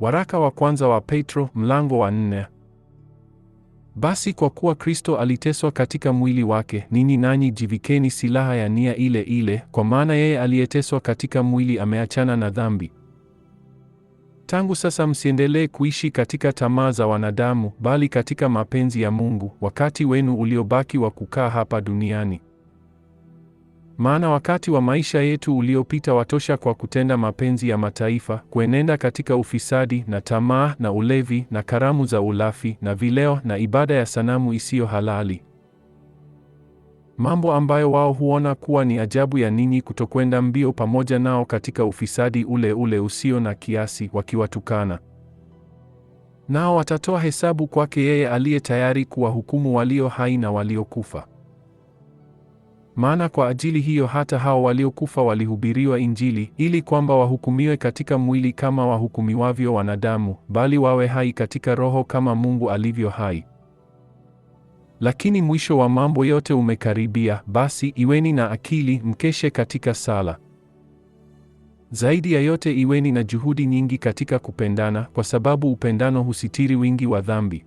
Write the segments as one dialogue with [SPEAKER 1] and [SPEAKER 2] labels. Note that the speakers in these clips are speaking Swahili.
[SPEAKER 1] Waraka wa kwanza wa Petro mlango wa nne. Basi kwa kuwa Kristo aliteswa katika mwili wake, ninyi nanyi jivikeni silaha ya nia ile ile, kwa maana yeye aliyeteswa katika mwili ameachana na dhambi. Tangu sasa msiendelee kuishi katika tamaa za wanadamu, bali katika mapenzi ya Mungu, wakati wenu uliobaki wa kukaa hapa duniani. Maana wakati wa maisha yetu uliopita watosha kwa kutenda mapenzi ya mataifa, kuenenda katika ufisadi na tamaa na ulevi na karamu za ulafi na vileo na ibada ya sanamu isiyo halali, mambo ambayo wao huona kuwa ni ajabu ya ninyi kutokwenda mbio pamoja nao katika ufisadi ule ule usio na kiasi, wakiwatukana nao watatoa hesabu kwake yeye aliye tayari kuwahukumu walio hai na waliokufa. Maana kwa ajili hiyo hata hao waliokufa walihubiriwa Injili, ili kwamba wahukumiwe katika mwili kama wahukumiwavyo wanadamu, bali wawe hai katika roho kama Mungu alivyo hai. Lakini mwisho wa mambo yote umekaribia, basi iweni na akili, mkeshe katika sala. Zaidi ya yote iweni na juhudi nyingi katika kupendana, kwa sababu upendano husitiri wingi wa dhambi.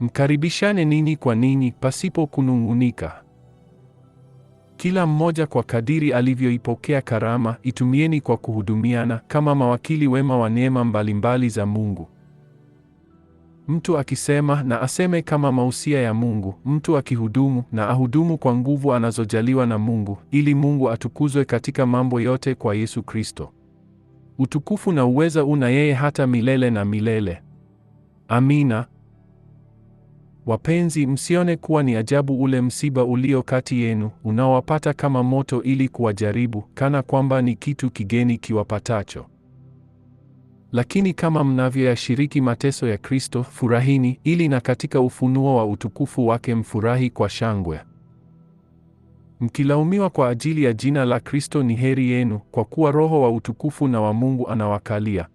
[SPEAKER 1] Mkaribishane ninyi kwa ninyi pasipo kunung'unika. Kila mmoja kwa kadiri alivyoipokea karama, itumieni kwa kuhudumiana kama mawakili wema wa neema mbalimbali za Mungu. Mtu akisema na aseme kama mausia ya Mungu, mtu akihudumu na ahudumu kwa nguvu anazojaliwa na Mungu, ili Mungu atukuzwe katika mambo yote kwa Yesu Kristo. Utukufu na uweza una yeye hata milele na milele. Amina. Wapenzi, msione kuwa ni ajabu ule msiba ulio kati yenu, unaowapata kama moto ili kuwajaribu, kana kwamba ni kitu kigeni kiwapatacho. Lakini kama mnavyoyashiriki mateso ya Kristo, furahini, ili na katika ufunuo wa utukufu wake mfurahi kwa shangwe. Mkilaumiwa kwa ajili ya jina la Kristo, ni heri yenu, kwa kuwa Roho wa utukufu na wa Mungu anawakalia.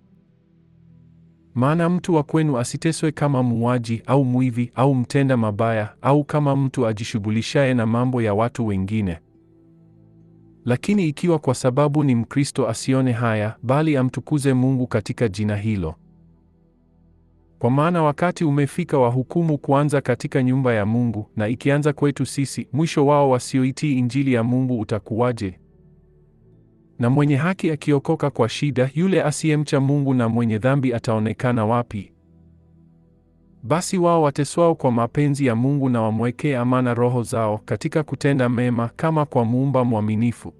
[SPEAKER 1] Maana mtu wa kwenu asiteswe kama muuaji au mwivi au mtenda mabaya au kama mtu ajishughulishaye na mambo ya watu wengine. Lakini ikiwa kwa sababu ni Mkristo asione haya, bali amtukuze Mungu katika jina hilo. Kwa maana wakati umefika wa hukumu kuanza katika nyumba ya Mungu, na ikianza kwetu sisi, mwisho wao wasioitii Injili ya Mungu utakuwaje? Na mwenye haki akiokoka kwa shida, yule asiyemcha Mungu na mwenye dhambi ataonekana wapi? Basi wao wateswao kwa mapenzi ya Mungu na wamwekee amana roho zao katika kutenda mema, kama kwa muumba mwaminifu.